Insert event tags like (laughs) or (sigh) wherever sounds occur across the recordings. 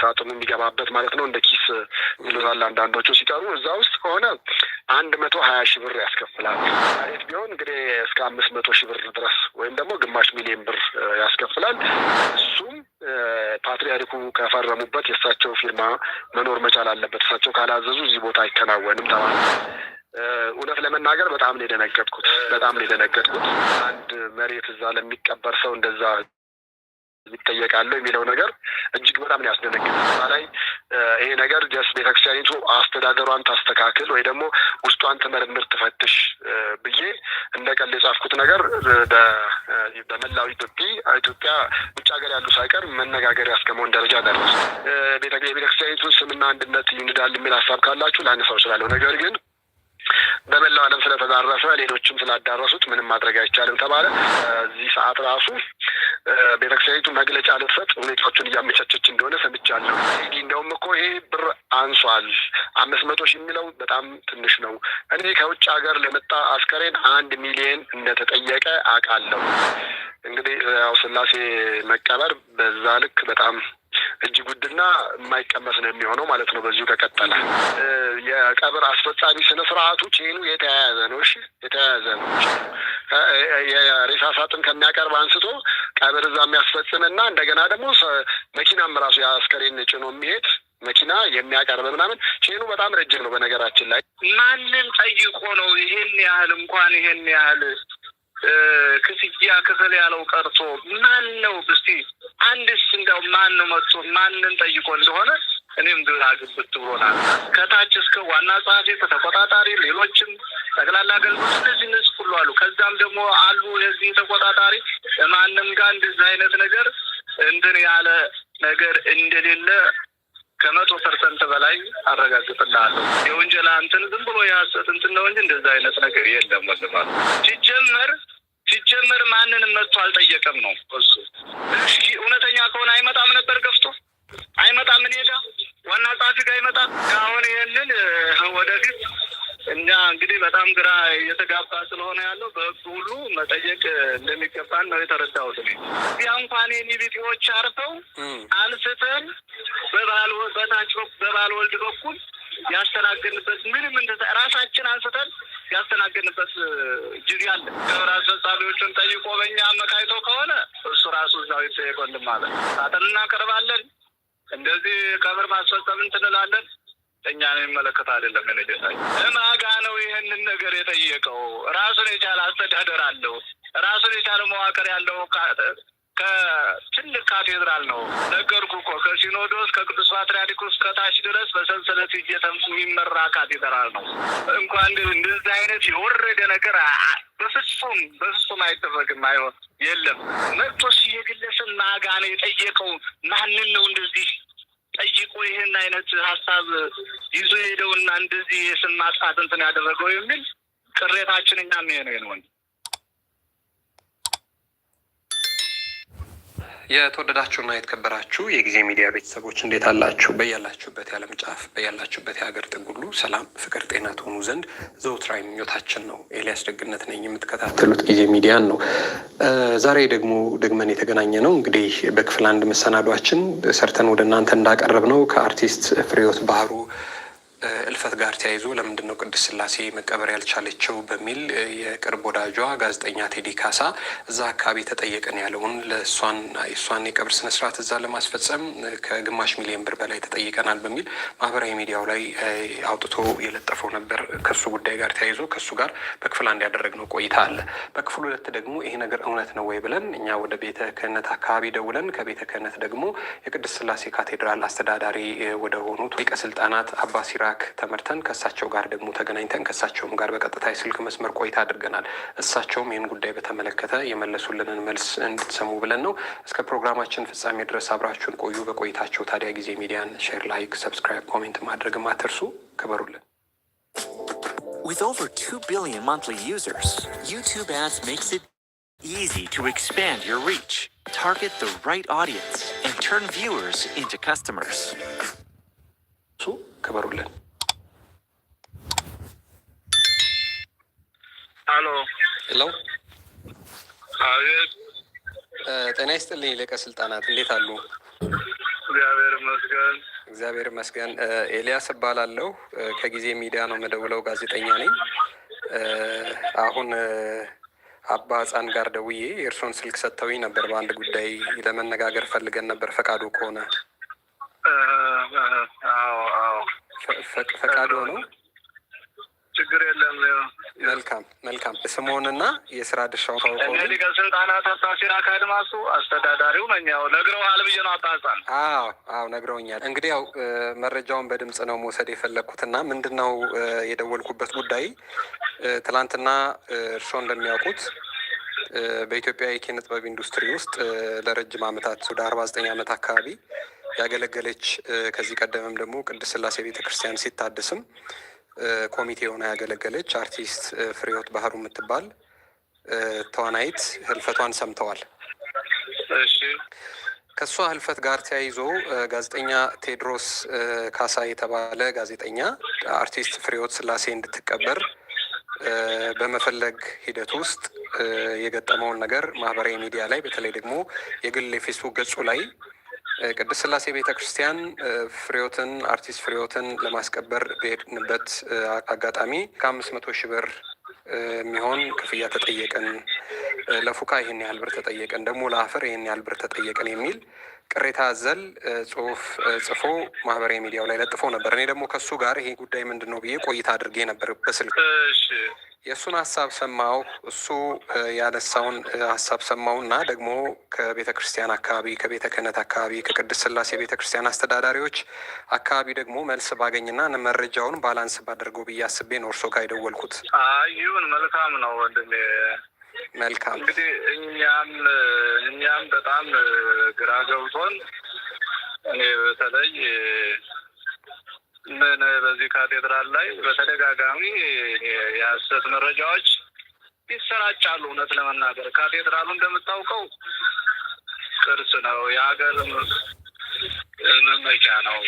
ሳጥኑ የሚገባበት ማለት ነው። እንደ ኪስ ይሉታል አንዳንዶቹ ሲጠሩ። እዛ ውስጥ ከሆነ አንድ መቶ ሀያ ሺ ብር ያስከፍላል። መሬት ቢሆን እንግዲህ እስከ አምስት መቶ ሺ ብር ድረስ ወይም ደግሞ ግማሽ ሚሊዮን ብር ያስከፍላል። እሱም ፓትሪያርኩ ከፈረሙበት የእሳቸው ፊርማ መኖር መቻል አለበት። እሳቸው ካላዘዙ እዚህ ቦታ አይከናወንም ተባለ። እውነት ለመናገር በጣም ነው የደነገጥኩት። በጣም ነው የደነገጥኩት። አንድ መሬት እዛ ለሚቀበር ሰው እንደዛ ይጠየቃለ የሚለው ነገር እጅግ በጣም ነው ያስደነግጥ ላይ ይሄ ነገር ጀስ ቤተክርስቲያኒቱ አስተዳደሯን ታስተካክል ወይ ደግሞ ውስጧን ትመርምር፣ ትፈትሽ ብዬ እንደ ቀል የጻፍኩት ነገር በመላው ኢትዮጵያ ኢትዮጵያ ውጭ ሀገር ያሉ ሳይቀር መነጋገር ያስከመውን ደረጃ ደረስ። የቤተክርስቲያኒቱን ስምና አንድነት ይንዳል የሚል ሀሳብ ካላችሁ ላነሳው እችላለሁ። ነገር ግን በመላው ዓለም ስለተዳረሰ ሌሎችም ስላዳረሱት ምንም ማድረግ አይቻልም ተባለ። እዚህ ሰዓት ራሱ ቤተክርስቲያኒቱ መግለጫ ልትሰጥ ሁኔታዎቹን እያመቻቸች እንደሆነ ሰምቻለሁ። ሲዲ እንደውም እኮ ይሄ ብር አንሷል አምስት መቶ ሺህ የሚለው በጣም ትንሽ ነው። እኔ ከውጭ ሀገር ለመጣ አስከሬን አንድ ሚሊየን እንደተጠየቀ አውቃለሁ። እንግዲህ ያው ስላሴ መቀበር በዛ ልክ በጣም እጅ ጉድና የማይቀመስ ነው የሚሆነው ማለት ነው። በዚሁ ከቀጠለ የቀብር አስፈጻሚ ስነ ስርዓቱ ቼኑ የተያያዘ ነው። እሺ የተያያዘ ነው። ሬሳ ሳጥን ከሚያቀርብ አንስቶ ቀብር እዛ የሚያስፈጽም እንደገና ደግሞ መኪናም ራሱ የአስከሬን ጭኖ የሚሄድ መኪና የሚያቀርብ ምናምን ቼኑ በጣም ረጅም ነው። በነገራችን ላይ ማንን ጠይቆ ነው ይሄን ያህል እንኳን ይሄን ያህል ክፍያ ክፍል ያለው ቀርቶ ማን ነው? እስቲ አንድስ እንደው ማን ነው መጥቶ ማንን ጠይቆ እንደሆነ እኔም ግራ ግብት ብሎናል። ከታች እስከ ዋና ጸሐፊ ከተቆጣጣሪ ሌሎችም ጠቅላላ አገልግሎት እነዚህ እነዚህ ሁሉ አሉ። ከዛም ደግሞ አሉ የዚህ ተቆጣጣሪ ማንም ጋር እንደዚህ አይነት ነገር እንትን ያለ ነገር እንደሌለ ከመቶ ፐርሰንት በላይ አረጋግጥልሃለሁ። የወንጀል እንትን ዝም ብሎ የሀሰት እንትን ነው እንጂ እንደዚህ አይነት ነገር የለም። ወንድማል ሲጀመር ሲጀመር ማንንም መጥቶ አልጠየቀም ነው እሱ። እሺ እውነተኛ ከሆነ አይመጣም ነበር ገፍቶ አይመጣም። እኔ ጋ ዋና ጸሐፊ ጋ አይመጣም። አሁን ይህንን ወደፊት እኛ እንግዲህ በጣም ግራ እየተጋባ ስለሆነ ያለው በህግ ሁሉ መጠየቅ እንደሚገባን ነው የተረዳሁት። ቢያንኳን እንኳን ኒቢጤዎች አርፈው አንስተን በባል በታች በባል ወልድ በኩል ያስተናገድንበት ምንም እንደ ራሳችን አንስተን ያስተናገድንበት ጊዜ አለ። ከብራ አስፈጻሚዎቹን ጠይቆ በእኛ አመካይቶ ከሆነ እሱ ራሱ እዛው ይጠየቆልን ማለት አጠን እናቀርባለን። እንደዚህ ቀብር ማስፈጸም እንትንላለን እኛን የሚመለከት አይደለም። መነጀሳ ማጋ ነው ይህንን ነገር የጠየቀው። ራሱን የቻለ አስተዳደር አለው። ራሱን የቻለ መዋቅር ያለው ከትልቅ ካቴድራል ነው። ነገርኩ እኮ ከሲኖዶስ ከቅዱስ ፓትርያርኩ እስከታች ድረስ በሰንሰለት እየተምሱ የሚመራ ካቴድራል ነው። እንኳን እንደዚህ አይነት የወረደ ነገር በፍጹም በፍጹም አይደረግም። አይሆን የለም መጥቶስ የግለሰብ ማጋ ነው የጠየቀው። ማንን ነው እንደዚህ ጠይቁ ይህን አይነት ሀሳብ ይዞ ሄደውና እንደዚህ የስናጣት እንትን ያደረገው የሚል ቅሬታችን እኛም ይሄ ነው። የተወደዳችሁና የተከበራችሁ የጊዜ ሚዲያ ቤተሰቦች እንዴት አላችሁ? በያላችሁበት የዓለም ጫፍ በያላችሁበት የሀገር ጥግ ሁሉ ሰላም፣ ፍቅር፣ ጤና ትሆኑ ዘንድ ዘወትራዊ ምኞታችን ነው። ኤልያስ ደግነት ነኝ። የምትከታተሉት ጊዜ ሚዲያን ነው። ዛሬ ደግሞ ደግመን የተገናኘ ነው እንግዲህ በክፍል አንድ መሰናዷችን ሰርተን ወደ እናንተ እንዳቀረብ ነው ከአርቲስት ፍሬህይወት ባህሩ እልፈት ጋር ተያይዞ ለምንድን ነው ቅድስት ስላሴ መቀበር ያልቻለችው በሚል የቅርብ ወዳጇ ጋዜጠኛ ቴዲ ካሳ እዛ አካባቢ ተጠየቀን ያለውን ለእሷን የቀብር ስነስርዓት እዛ ለማስፈጸም ከግማሽ ሚሊዮን ብር በላይ ተጠይቀናል በሚል ማህበራዊ ሚዲያው ላይ አውጥቶ የለጠፈው ነበር። ከሱ ጉዳይ ጋር ተያይዞ ከሱ ጋር በክፍል አንድ ያደረግነው ቆይታ አለ። በክፍል ሁለት ደግሞ ይሄ ነገር እውነት ነው ወይ ብለን እኛ ወደ ቤተ ክህነት አካባቢ ደውለን ከቤተ ክህነት ደግሞ የቅድስት ስላሴ ካቴድራል አስተዳዳሪ ወደሆኑት ሊቀ ስልጣናት ኢራክ ተመርተን ከእሳቸው ጋር ደግሞ ተገናኝተን ከእሳቸውም ጋር በቀጥታ የስልክ መስመር ቆይታ አድርገናል። እሳቸውም ይህን ጉዳይ በተመለከተ የመለሱልንን መልስ እንድትሰሙ ብለን ነው። እስከ ፕሮግራማችን ፍጻሜ ድረስ አብራችሁን ቆዩ። በቆይታቸው ታዲያ ጊዜ ሚዲያን ሼር፣ ላይክ፣ ሰብስክራይብ፣ ኮሜንት ማድረግ አትርሱ። ክበሩልን። With over 2 billion monthly users, YouTube ads makes it easy to expand your reach, target the right audience, and turn viewers into customers. ክበሩልን። ሄሎ ሄሎ፣ ጤና ይስጥልኝ ሊቀ ስልጣናት፣ እንዴት አሉ? እግዚአብሔር ይመስገን። እግዚአብሔር ይመስገን። ኤልያስ እባላለሁ ከጊዜ ሚዲያ ነው የምደውለው፣ ጋዜጠኛ ነኝ። አሁን አባ ህፃን ጋር ደውዬ የእርሶን ስልክ ሰጥተውኝ ነበር። በአንድ ጉዳይ ለመነጋገር ፈልገን ነበር፣ ፈቃዱ ከሆነ ፈቃዶ ነው። ችግር የለም። መልካም መልካም። ስምዎንና የስራ ድርሻው ታውቆ ስልጣናት አታሲር አካል ማሱ አስተዳዳሪው ነኝ። ያው ነግረውሃል ብዬ ነው አጣጻል። አዎ አዎ ነግረውኛል። እንግዲህ ያው መረጃውን በድምፅ ነው መውሰድ የፈለግኩት የፈለግኩትና ምንድን ነው የደወልኩበት ጉዳይ ትላንትና እርሾ እንደሚያውቁት በኢትዮጵያ የኪነ ጥበብ ኢንዱስትሪ ውስጥ ለረጅም ዓመታት ወደ አርባ ዘጠኝ ዓመት አካባቢ ያገለገለች ከዚህ ቀደምም ደግሞ ቅድስት ስላሴ ቤተክርስቲያን ሲታደስም ኮሚቴ ሆና ያገለገለች አርቲስት ፍሬህይወት ባህሩ የምትባል ተዋናይት ህልፈቷን ሰምተዋል። ከእሷ ህልፈት ጋር ተያይዞ ጋዜጠኛ ቴዎድሮስ ካሳ የተባለ ጋዜጠኛ አርቲስት ፍሬህይወት ስላሴ እንድትቀበር በመፈለግ ሂደት ውስጥ የገጠመውን ነገር ማህበራዊ ሚዲያ ላይ በተለይ ደግሞ የግል የፌስቡክ ገጹ ላይ ቅድስት ስላሴ ቤተ ክርስቲያን ፍሬዎትን አርቲስት ፍሬዎትን ለማስቀበር በሄድንበት አጋጣሚ ከአምስት መቶ ሺህ ብር የሚሆን ክፍያ ተጠየቀን፣ ለፉካ ይህን ያህል ብር ተጠየቀን፣ ደግሞ ለአፈር ይህን ያህል ብር ተጠየቀን የሚል ቅሬታ አዘል ጽሁፍ ጽፎ ማህበራዊ ሚዲያው ላይ ለጥፎ ነበር። እኔ ደግሞ ከሱ ጋር ይሄ ጉዳይ ምንድን ነው ብዬ ቆይታ አድርጌ ነበር በስልክ የእሱን ሀሳብ ሰማው። እሱ ያነሳውን ሀሳብ ሰማው እና ደግሞ ከቤተ ክርስቲያን አካባቢ፣ ከቤተ ክህነት አካባቢ፣ ከቅድስት ስላሴ ቤተ ክርስቲያን አስተዳዳሪዎች አካባቢ ደግሞ መልስ ባገኝና መረጃውን ባላንስ ባደርገው ብዬ አስቤ ነው እርሶ ጋር የደወልኩት። ምን መልካም ነው ወንድም። መልካም እንግዲህ እኛም እኛም በጣም ግራ ገብቶን እኔ በተለይ ምን በዚህ ካቴድራል ላይ በተደጋጋሚ የሀሰት መረጃዎች ይሰራጫሉ። እውነት ለመናገር ካቴድራሉ እንደምታውቀው ቅርስ ነው፣ የሀገር መመኪያ ነው።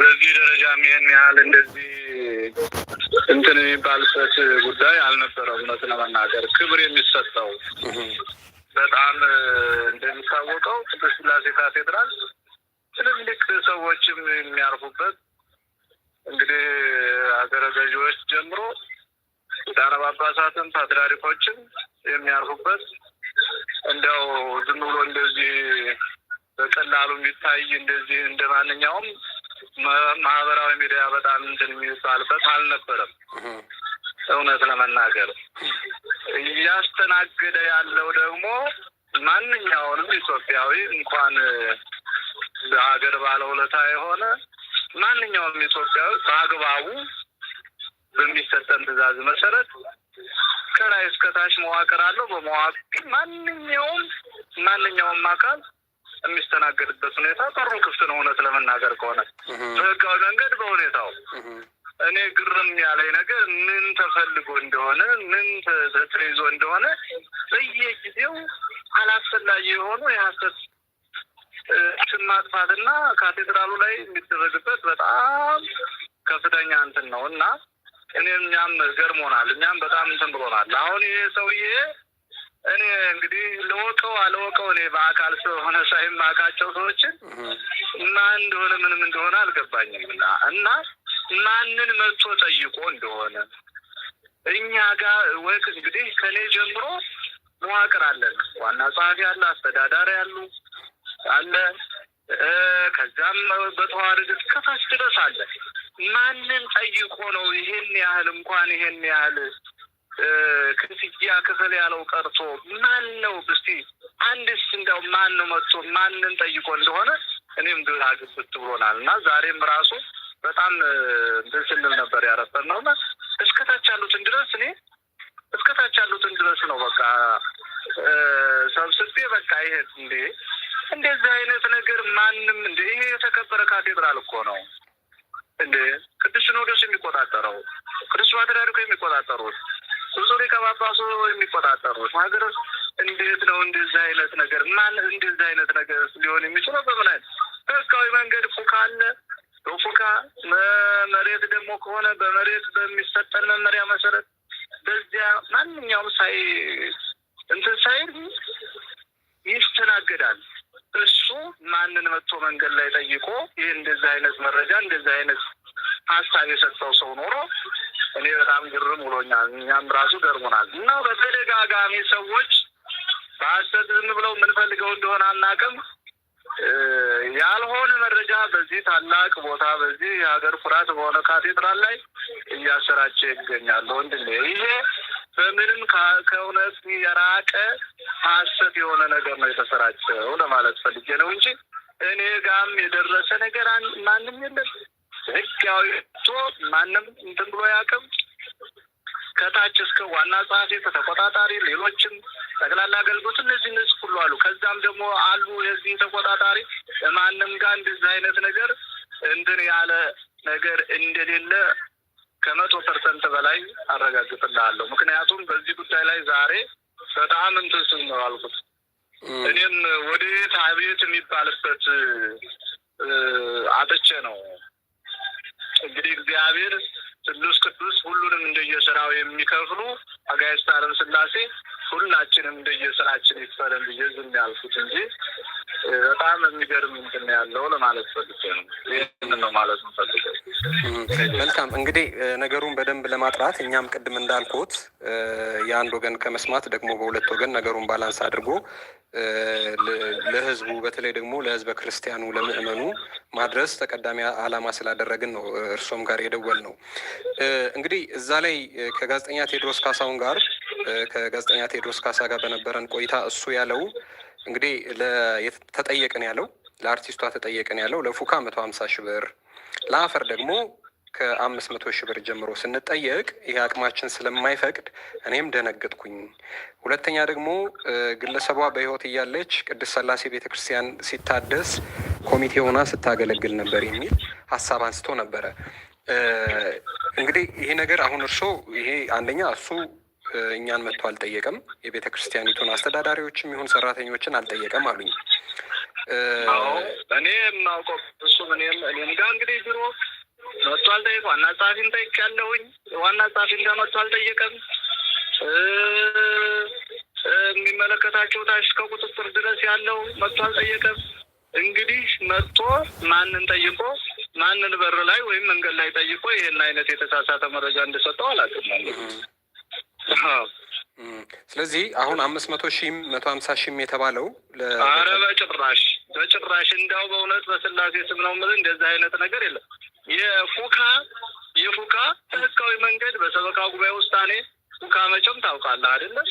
በዚህ ደረጃም ይሄን ያህል እንደዚህ እንትን የሚባልበት ጉዳይ አልነበረም። እውነት ለመናገር ክብር የሚሰጠው በጣም እንደሚታወቀው ቅዱስ ሥላሴ ካቴድራል ትልልቅ ሰዎችም የሚያርፉበት እንግዲህ ሀገረ ገዢዎች ጀምሮ ዳረ ባባሳትን ፓትርያርኮችም የሚያርፉበት እንደው ዝም ብሎ እንደዚህ በቀላሉ የሚታይ እንደዚህ እንደ ማንኛውም ማህበራዊ ሚዲያ በጣም እንትን የሚባልበት አልነበረም። እውነት ለመናገር እያስተናገደ ያለው ደግሞ ማንኛውንም ኢትዮጵያዊ እንኳን በሀገር ባለውለታ የሆነ ማንኛውም ኢትዮጵያዊ በአግባቡ በሚሰጠን ትዕዛዝ መሰረት ከላይ እስከታች መዋቅር አለው። በመዋቅ ማንኛውም ማንኛውም አካል የሚስተናገድበት ሁኔታ ጥሩ ክፍት ነው። እውነት ለመናገር ከሆነ በህጋዊ መንገድ በሁኔታው እኔ ግርም ያለኝ ነገር ምን ተፈልጎ እንደሆነ ምን ተይዞ እንደሆነ በየጊዜው አላስፈላጊ የሆኑ የሀሰት ችን ማጥፋትና ካቴድራሉ ላይ የሚደረግበት በጣም ከፍተኛ እንትን ነው እና እኔ እኛም ገርሞናል። እኛም በጣም እንትን ብሎናል። አሁን ይሄ ሰውዬ እኔ እንግዲህ ለወቀው አለወቀው እኔ በአካል ስለሆነ ሳይም አውቃቸው ሰዎችን እና እንደሆነ ምንም እንደሆነ አልገባኝም። እና እና ማንን መጥቶ ጠይቆ እንደሆነ እኛ ጋር ወቅ እንግዲህ ከኔ ጀምሮ መዋቅር አለን። ዋና ጸሐፊ አለ፣ አስተዳዳሪ አሉ አለ፣ ከዛም በተዋረድ ከታች ድረስ አለ። ማንን ጠይቆ ነው ይሄን ያህል እንኳን ይሄን ያህል ክፍያ ክፍል ያለው ቀርቶ ማን ነው እስቲ አንድስ እንዲያው ማን ነው መጥቶ ማንን ጠይቆ እንደሆነ እኔም ግራ ግብት ብሎናል። እና ዛሬም ራሱ በጣም ስንል ነበር ያረፈን ነው እና እስከታች ያሉትን ድረስ እኔ እስከታች ያሉትን ድረስ ነው በቃ ሰብስቤ በቃ ይሄ እንዴ እንደዚህ አይነት ነገር ማንም እንደ ይሄ የተከበረ ካቴድራል እኮ ነው እንዴ ቅዱስ ሲኖዶስ የሚቆጣጠረው ቅዱስ ፓትርያርኩ የሚቆጣጠሩት ብዙ ሊቀ ጳጳሱ የሚቆጣጠሩት ሀገር እንዴት ነው እንደዚህ አይነት ነገር ማን እንደዚህ አይነት ነገር ሊሆን የሚችለው በምን አይነት በህጋዊ መንገድ ፉካ አለ? በፉካ መሬት ደግሞ ከሆነ በመሬት በሚሰጠን መመሪያ መሰረት በዚያ ማንኛውም ሳይ እንትን ሳይል ይስተናገዳል። እሱ ማንን መጥቶ መንገድ ላይ ጠይቆ ይህ እንደዚህ አይነት መረጃ እንደዚህ አይነት ሀሳብ የሰጠው ሰው ኖሮ እኔ በጣም ግርም ብሎኛል። እኛም ራሱ ገርሞናል። እና በተደጋጋሚ ሰዎች በሀሰት ዝም ብለው የምንፈልገው እንደሆነ አናውቅም። ያልሆነ መረጃ በዚህ ታላቅ ቦታ በዚህ የሀገር ኩራት በሆነ ካቴድራል ላይ እያሰራቸው ይገኛሉ። ወንድሜ ይሄ በምንም ከእውነት የራቀ ሀሰት የሆነ ነገር ነው የተሰራቸው ለማለት ፈልጌ ነው እንጂ እኔ ጋም የደረሰ ነገር ማንም የለም። ህጋዊ ቶ ማንም እንትን ብሎ ያቅም ከታች እስከ ዋና ጸሐፊ ተቆጣጣሪ፣ ሌሎችም ጠቅላላ አገልግሎት እነዚህ እነዚህ ሁሉ አሉ። ከዛም ደግሞ አሉ የዚህ ተቆጣጣሪ ማንም ጋር እንደዚህ አይነት ነገር እንትን ያለ ነገር እንደሌለ ከመቶ ፐርሰንት በላይ አረጋግጥልሃለሁ። ምክንያቱም በዚህ ጉዳይ ላይ ዛሬ በጣም እንትን ስል ነው አልኩት። እኔም ወደ ቤት አቤት የሚባልበት አጥቼ ነው እንግዲህ እግዚአብሔር ቅዱስ ቅዱስ ሁሉንም እንደየስራው የሚከፍሉ አጋዕዝተ ዓለም ስላሴ ሁላችንም እንደየስራችን ይፈረን ብዬ ያልኩት እንጂ በጣም የሚገርም እንትን ያለው ለማለት ፈልጌ ነው። ይህንን ነው ማለት ፈልገ መልካም እንግዲህ ነገሩን በደንብ ለማጥራት እኛም ቅድም እንዳልኩት የአንድ ወገን ከመስማት ደግሞ በሁለት ወገን ነገሩን ባላንስ አድርጎ ለህዝቡ በተለይ ደግሞ ለህዝበ ክርስቲያኑ ለምእመኑ ማድረስ ተቀዳሚ ዓላማ ስላደረግን ነው እርሶም ጋር የደወል ነው። እንግዲህ እዛ ላይ ከጋዜጠኛ ቴዎድሮስ ካሳሁን ጋር ከጋዜጠኛ ቴዎድሮስ ካሳ ጋር በነበረን ቆይታ እሱ ያለው እንግዲህ ተጠየቅን ያለው ለአርቲስቷ ተጠየቅን ያለው ለፉካ መቶ ሀምሳ ሺህ ብር ለአፈር ደግሞ ከአምስት መቶ ሺህ ብር ጀምሮ ስንጠየቅ ይህ አቅማችን ስለማይፈቅድ እኔም ደነገጥኩኝ። ሁለተኛ ደግሞ ግለሰቧ በሕይወት እያለች ቅድስት ሥላሴ ቤተ ክርስቲያን ሲታደስ ኮሚቴ ሆና ስታገለግል ነበር የሚል ሀሳብ አንስቶ ነበረ። እንግዲህ ይሄ ነገር አሁን እርሶ ይሄ አንደኛ እሱ እኛን መጥቶ አልጠየቀም። የቤተ ክርስቲያኒቱን አስተዳዳሪዎችም ይሁን ሰራተኞችን አልጠየቀም አሉኝ። እኔ የማውቀው እሱም እኔም እኔም ጋር እንግዲህ ቢሮ መጥቶ አልጠየቅ ዋና ጸሐፊን ያለውኝ ዋና ጸሐፊን ጋር መጥቶ አልጠየቀም። የሚመለከታቸው ታች ከቁጥጥር ድረስ ያለው መጥቶ አልጠየቀም። እንግዲህ መጥቶ ማንን ጠይቆ ማንን በር ላይ ወይም መንገድ ላይ ጠይቆ ይህን አይነት የተሳሳተ መረጃ እንደሰጠው አላውቅም። ስለዚህ አሁን አምስት መቶ ሺህም መቶ ሀምሳ ሺህም የተባለው አረ በጭራሽ በጭራሽ እንዲያው በእውነት በስላሴ ስም ነው የምልህ እንደዚህ አይነት ነገር የለም። የፉካ የፉካ ህጋዊ መንገድ በሰበካ ጉባኤ ውሳኔ ፉካ መቼም ታውቃለህ አይደለም?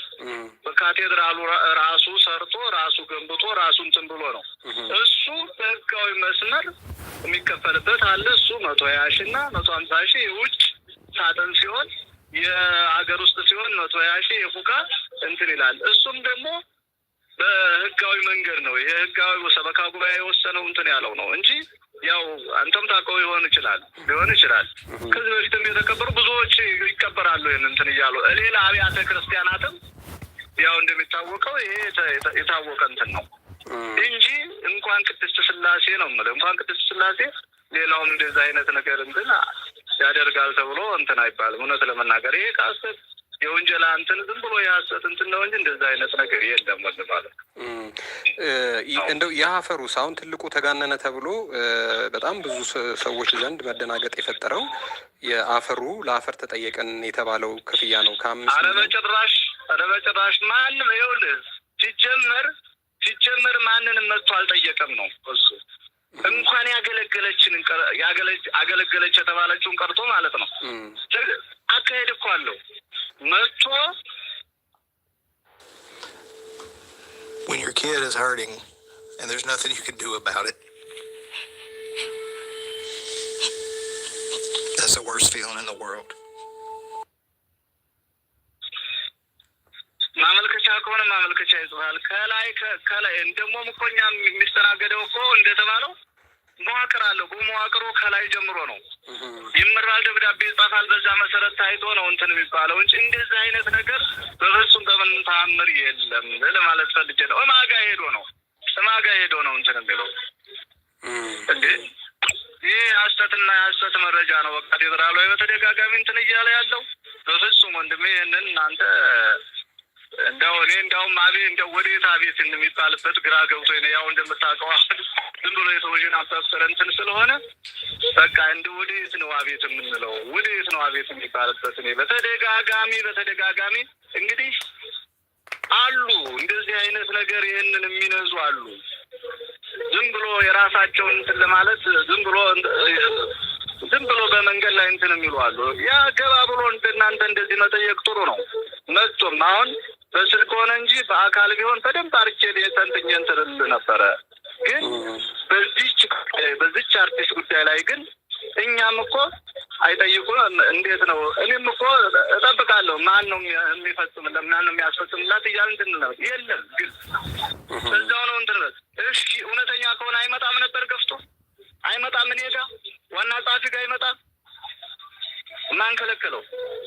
በካቴድራሉ ራሱ ሰርቶ ራሱ ገንብቶ ራሱ እንትን ብሎ ነው እሱ በህጋዊ መስመር የሚከፈልበት አለ። እሱ መቶ ሀያ ሺህ እና መቶ ሀምሳ ሺህ የውጭ ሳጥን ሲሆን የሀገር ውስጥ ሲሆን መቶ ሀያ ሺህ የፉካ እንትን ይላል። እሱም ደግሞ በህጋዊ መንገድ ነው። የህጋዊ ሰበካ ጉባኤ የወሰነው እንትን ያለው ነው እንጂ ያው አንተም ታውቀው ይሆን ይችላል ሊሆን ይችላል። ከዚህ በፊትም የተከበሩ ብዙዎች ይቀበራሉ። ይህን እንትን እያሉ ሌላ አብያተ ክርስቲያናትም ያው እንደሚታወቀው ይሄ የታወቀ እንትን ነው እንጂ እንኳን ቅድስት ስላሴ ነው የምልህ እንኳን ቅድስት ስላሴ ሌላውም እንደዛ አይነት ነገር እንትን ያደርጋል ተብሎ እንትን አይባልም። እውነት ለመናገር ይሄ ከሀሰት የወንጀል እንትን ዝም ብሎ የሀሰት እንትን ነው እንጂ እንደዛ አይነት ነገር የለም። ወንድ ማለት እንደው የአፈሩ አሁን ትልቁ ተጋነነ ተብሎ በጣም ብዙ ሰዎች ዘንድ መደናገጥ የፈጠረው የአፈሩ ለአፈር ተጠየቀን የተባለው ክፍያ ነው። ከአምስት ኧረ በጭራሽ ኧረ በጭራሽ ማንም ይኸውልህ ሲጀመር ሲጀመር ማንንም መጥቶ አልጠየቀም ነው እሱ እንኳን ያገለገለችን የተባለችውን ቀርቶ ማለት ነው። አካሄድ እኮ አለው መጥቶ when your kid is hurting and there's nothing you can do about it that's the worst feeling in the world ከሆነ ማመልከቻ ይጽፋል። ከላይ ከላይ ደግሞ እኮ እኛ የሚስተናገደው እኮ እንደተባለው መዋቅር አለው። መዋቅሩ ከላይ ጀምሮ ነው ይመራል። ደብዳቤ ይጻፋል። በዛ መሰረት ታይቶ ነው እንትን የሚባለው እንጂ እንደዚህ አይነት ነገር በፍጹም በምን ተአምር የለም ለማለት ፈልጌ ነው። እማጋ ሄዶ ነው እማጋ ሄዶ ነው እንትን የሚለው ይህ ሀሰትና የሀሰት መረጃ ነው። በቃ ፌዴራላዊ በተደጋጋሚ እንትን እያለ ያለው በፍጹም ወንድሜ ይህንን እናንተ እንደው እኔ እንደውም አቤ እንደ ወዴት አቤት እንደሚባልበት ግራ ገብቶ ነ ያው እንደምታውቀው ዝም ብሎ የተወዥን አሳሰረ እንትን ስለሆነ በቃ እንደ ወዴት ነው አቤት የምንለው? ወዴት ነው አቤት የሚባልበት? እኔ በተደጋጋሚ በተደጋጋሚ እንግዲህ አሉ እንደዚህ አይነት ነገር ይህንን የሚነዙ አሉ። ዝም ብሎ የራሳቸውን እንትን ለማለት ዝም ብሎ ዝም ብሎ በመንገድ ላይ እንትን የሚሉ አሉ። ያ ገባ ብሎ እናንተ እንደዚህ መጠየቅ ጥሩ ነው። መቶም አሁን በስልክ ሆነ እንጂ በአካል ቢሆን በደንብ አርቼ ተንትኜ እንትርስ ነበረ። ግን በዚች በዚች አርቲስት ጉዳይ ላይ ግን እኛም እኮ አይጠይቁ እንዴት ነው? እኔም እኮ እጠብቃለሁ። ማን ነው የሚፈጽምለት? ማን ነው የሚያስፈጽምላት እያል እንትን ነው የለም። ግን በዛው ነው እንትን እሺ፣ እውነተኛ ከሆነ አይመጣም ነበር ገፍቶ አይመጣም። እኔ ጋ ዋና ጸሐፊ ጋር አይመጣም። ማን ከለከለው?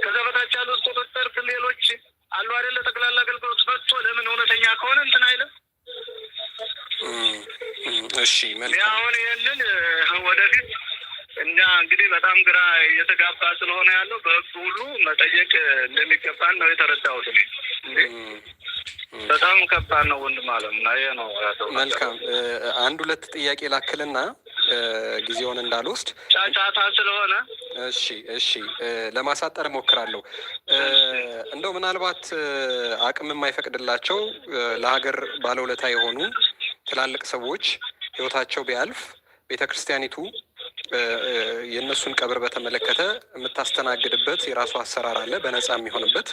ከዘበታች ያሉት ቁጥጥር ሌሎች አይደለ? ጠቅላላ አገልግሎት መጥቶ ለምን እውነተኛ ከሆነ እንትን አይለም። እሺ አሁን ይህንን ወደፊት እኛ እንግዲህ በጣም ግራ እየተጋባ ስለሆነ ያለው በህግ ሁሉ መጠየቅ እንደሚገባን ነው የተረዳሁት። በጣም ከባድ ነው ወንድም አለም ና ነው ያለው። መልካም አንድ ሁለት ጥያቄ ላክልና ጊዜውን እንዳልወስድ ጫጫታ ስለሆነ እሺ፣ እሺ ለማሳጠር እሞክራለሁ። እንደው ምናልባት አቅም የማይፈቅድላቸው ለሀገር ባለውለታ የሆኑ ትላልቅ ሰዎች ህይወታቸው ቢያልፍ ቤተ ክርስቲያኒቱ የእነሱን ቀብር በተመለከተ የምታስተናግድበት የራሱ አሰራር አለ፣ በነፃ የሚሆንበት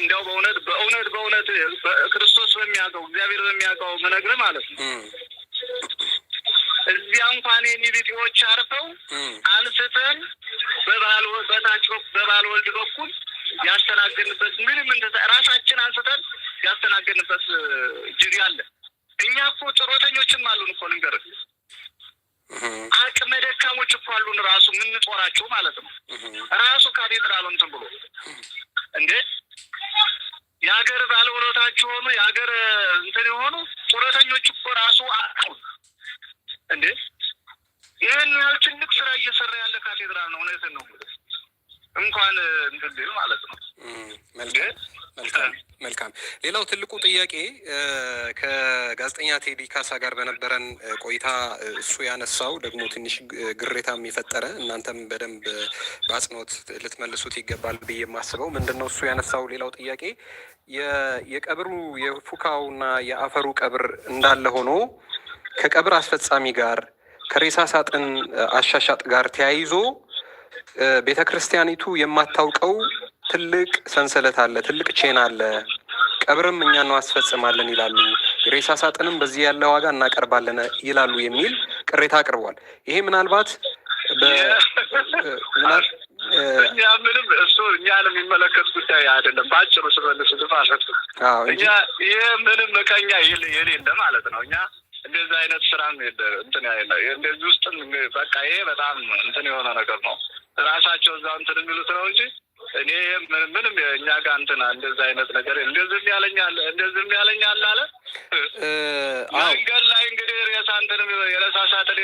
እንዲያው በእውነት በእውነት በእውነት ክርስቶስ በሚያውቀው እግዚአብሔር በሚያውቀው ምነግር ማለት ነው እዚያ እንኳን የኒቢጤዎች አርፈው አንስተን በባል በታች በባል ወልድ በኩል ያስተናገድንበት ምንም እንደ ራሳችን አንስተን ያስተናገድንበት ጊዜ አለ። እኛ እኮ ጦረተኞችም አሉን እኮ ልንገርህ፣ አቅመ ደካሞች እኮ አሉን ራሱ የምንጦራቸው ማለት ነው ራሱ ካቴድራሉን እንትን ብሎ እንዴ የሀገር ባለውለታችሁ ሆኑ የሀገር እንትን የሆኑ ጡረተኞች እኮ ራሱ አሁ እንዴ ይህን ያህል ትልቅ ስራ እየሰራ ያለ ካቴድራል ነው። እውነትን ነው እንኳን እንትን ማለት ነው። መልካም መልካም። ሌላው ትልቁ ጥያቄ ከጋዜጠኛ ቴዲ ካሳ ጋር በነበረን ቆይታ እሱ ያነሳው ደግሞ ትንሽ ግሬታም የፈጠረ እናንተም በደንብ በአጽንኦት ልትመልሱት ይገባል ብዬ የማስበው ምንድን ነው እሱ ያነሳው ሌላው ጥያቄ የቀብሩ የፉካውና የአፈሩ ቀብር እንዳለ ሆኖ ከቀብር አስፈጻሚ ጋር ከሬሳ ሳጥን አሻሻጥ ጋር ተያይዞ ቤተ ክርስቲያኒቱ የማታውቀው ትልቅ ሰንሰለት አለ፣ ትልቅ ቼን አለ ቀብርም እኛ አስፈጽማለን ይላሉ፣ ሬሳ ሳጥንም በዚህ ያለ ዋጋ እናቀርባለን ይላሉ የሚል ቅሬታ አቅርቧል። ይሄ ምናልባት እኛ ምንም እሱ እኛን የሚመለከት ጉዳይ አይደለም። በአጭሩ ስመልስ ማለት እኛ ይህ ምንም እቀኛ የሌለ ማለት ነው እኛ እንደዚህ አይነት ስራም እንትን ያለ እንደዚህ ውስጥም በቃ ይሄ በጣም እንትን የሆነ ነገር ነው። ራሳቸው እዛ እንትን የሚሉት ነው እንጂ እኔ ምንም እኛ ጋር እንትና እንደዚህ አይነት ነገር እንደዚህም ያለኛል እንደዚህም ያለኛል አለ። መንገድ ላይ እንግዲህ ሬሳ እንትን የሬሳ ሳጥን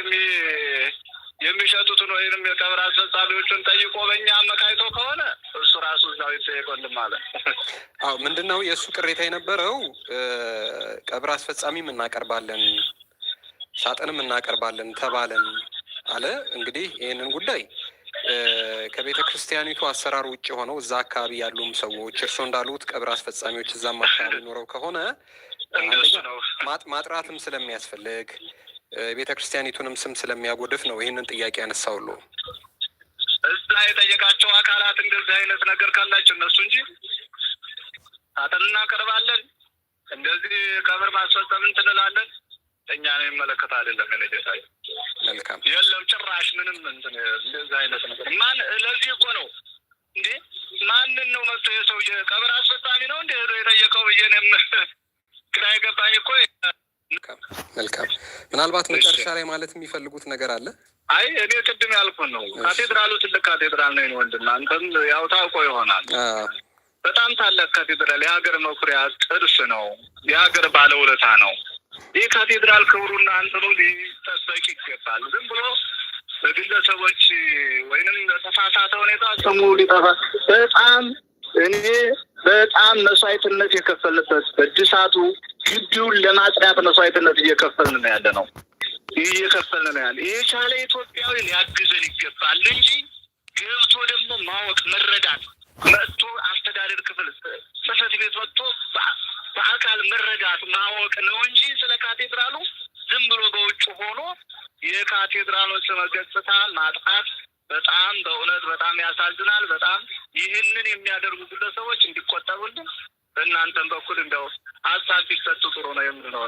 የሚሸጡትን ወይም የቀብር አስፈጻሚዎቹን ጠይቆ በእኛ አመካይቶ ከሆነ እሱ ራሱ እዛው ይጠየቆልም አለ። አዎ ምንድን ነው የእሱ ቅሬታ የነበረው ቀብር አስፈጻሚም እናቀርባለን፣ ሳጥንም እናቀርባለን ተባለን አለ። እንግዲህ ይህንን ጉዳይ ከቤተ ክርስቲያኒቱ አሰራር ውጭ ሆነው እዛ አካባቢ ያሉም ሰዎች እርስዎ እንዳሉት ቀብር አስፈጻሚዎች እዛም አካባቢ ኖረው ከሆነ ማጥራትም ስለሚያስፈልግ ቤተ ክርስቲያኒቱንም ስም ስለሚያጎድፍ ነው ይህንን ጥያቄ ያነሳውሉ። እዛ የጠየቃቸው አካላት እንደዚህ አይነት ነገር ካላቸው እነሱ እንጂ አጥን እናቀርባለን፣ እንደዚህ ቀብር ማስፈጸም እንትንላለን። እኛ ነው የሚመለከት አይደለም። መልካም የለም ጭራሽ ምንም እንትን አይነት ነገር ማን ለዚህ እኮ ነው እንዴ ማንን ነው መጥቶ የሰው የቀብር አስፈጻሚ ነው እንደ የጠየቀው ብዬ (laughs) ግራ የገባኝ እኮ መልካም ምናልባት መጨረሻ ላይ ማለት የሚፈልጉት ነገር አለ አይ እኔ ቅድም ያልኩን ነው ካቴድራሉ ትልቅ ካቴድራል ነው ወንድም አንተም ያው ታውቆ ይሆናል በጣም ታላቅ ካቴድራል የሀገር መኩሪያ ጥርስ ነው የሀገር ባለውለታ ነው ይህ ካቴድራል ክብሩና እንትኑ ሊጠበቅ ይገባል። ዝም ብሎ በግለሰቦች ወይንም በተሳሳተ ሁኔታ ስሙ ሊጠፋ በጣም እኔ በጣም መስዋዕትነት የከፈልበት እድሳቱ ግቢውን ለማጽዳት መስዋዕትነት እየከፈልን ነው ያለ ነው እየከፈልን ነው ያለ የቻለ ኢትዮጵያዊ ሊያግዘን ይገባል እንጂ ገብቶ ደግሞ ማወቅ መረዳት መጥቶ አስተዳደር ክፍል ጽህፈት ቤት መጥቶ በአካል መረዳት ማወቅ ነው እንጂ ስለ ካቴድራሉ ዝም ብሎ በውጭ ሆኖ የካቴድራሉን ስመ ገጽታ ማጥፋት በጣም በእውነት በጣም ያሳዝናል። በጣም ይህንን የሚያደርጉ ግለሰቦች እንዲቆጠቡልን በእናንተም በኩል እንደው ሀሳብ ቢሰጡ ጥሩ ነው የምንለው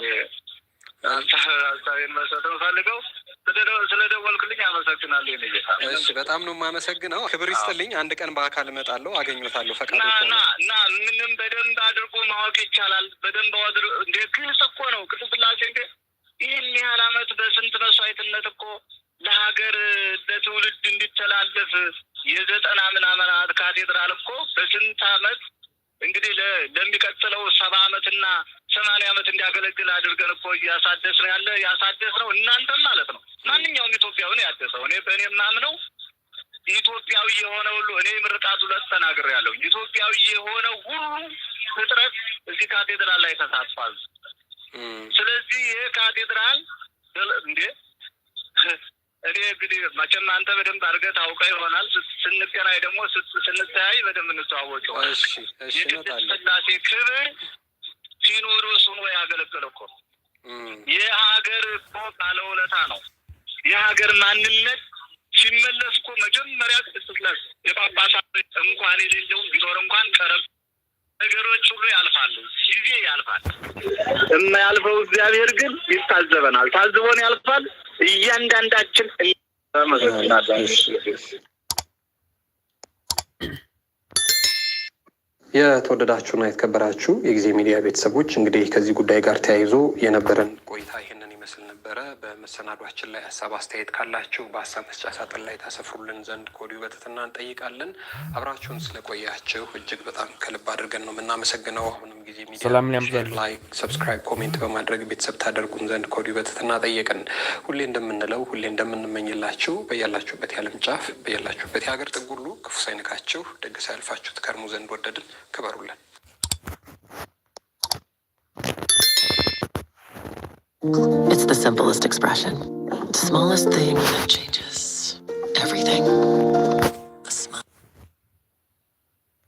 ሀሳብ መሰጠት ፈልገው እሺ፣ በጣም ነው የማመሰግነው። ክብር ይስጥልኝ። አንድ ቀን በአካል እመጣለሁ፣ አገኘታለሁ። ፈቃድ እና ምንም በደንብ አድርጎ ማወቅ ይቻላል። በደንብ አድር እንደ ግልጽ እኮ ነው። ቅድስት ስላሴ እንደ ይህን ያህል አመት በስንት መስዋዕትነት እኮ ለሀገር ለትውልድ እንዲተላለፍ የዘጠና ምናምን አመት ካቴድራል እኮ በስንት አመት እንግዲህ ለሚቀጥለው ሰባ ዓመትና ሰማንያ አመት እንዲያገለግል አድርገን እኮ እያሳደስ ነው ያለ ያሳደስ ነው እናንተም ማለት ነው። ማንኛውም ኢትዮጵያውን ያደሰው እኔ በእኔ የማምነው ኢትዮጵያዊ የሆነ ሁሉ እኔ ምርቃቱ ተናግር ያለው ኢትዮጵያዊ የሆነ ሁሉ ፍጥረት እዚህ ካቴድራል ላይ ተሳትፏል። ስለዚህ ይህ ካቴድራል እንዴ እኔ እንግዲህ መቼም አንተ በደንብ አድርገህ ታውቀህ ይሆናል። ስንገናኝ ደግሞ ስንተያይ በደንብ እንተዋወቀው። የቅድስት ሥላሴ ክብር ሲኖዶስ ሆኖ ያገለገለ እኮ ነው። የሀገር እኮ ባለውለታ ነው። የሀገር ማንነት ሲመለስ እኮ መጀመሪያ ቅድስት ሥላሴ የጳጳሳ እንኳን የሌለውም ቢኖር እንኳን ቀረብ ነገሮች ሁሉ ያልፋሉ፣ ጊዜ ያልፋል። የማያልፈው እግዚአብሔር ግን ይታዘበናል። ታዝቦን ያልፋል። እያንዳንዳችን የተወደዳችሁና የተከበራችሁ የጊዜ ሚዲያ ቤተሰቦች እንግዲህ ከዚህ ጉዳይ ጋር ተያይዞ የነበረን ቆይታ ነበረ። በመሰናዷችን ላይ ሀሳብ አስተያየት ካላችሁ በሀሳብ መስጫ ሳጥን ላይ ታሰፍሩልን ዘንድ ከወዲሁ በትህትና እንጠይቃለን። አብራችሁን ስለቆያችሁ እጅግ በጣም ከልብ አድርገን ነው የምናመሰግነው። አሁንም ጊዜ ሚዲያ ላይክ፣ ሰብስክራይብ፣ ኮሜንት በማድረግ ቤተሰብ ታደርጉን ዘንድ ከወዲሁ በትህትና ጠየቅን። ሁሌ እንደምንለው ሁሌ እንደምንመኝላችሁ በያላችሁበት የዓለም ጫፍ በያላችሁበት የሀገር ጥጉሉ ክፉ ሳይነካችሁ ደግ ሳያልፋችሁ ትከርሙ ዘንድ ወደድን። ክበሩልን። It's the simplest expression. The smallest thing that changes everything.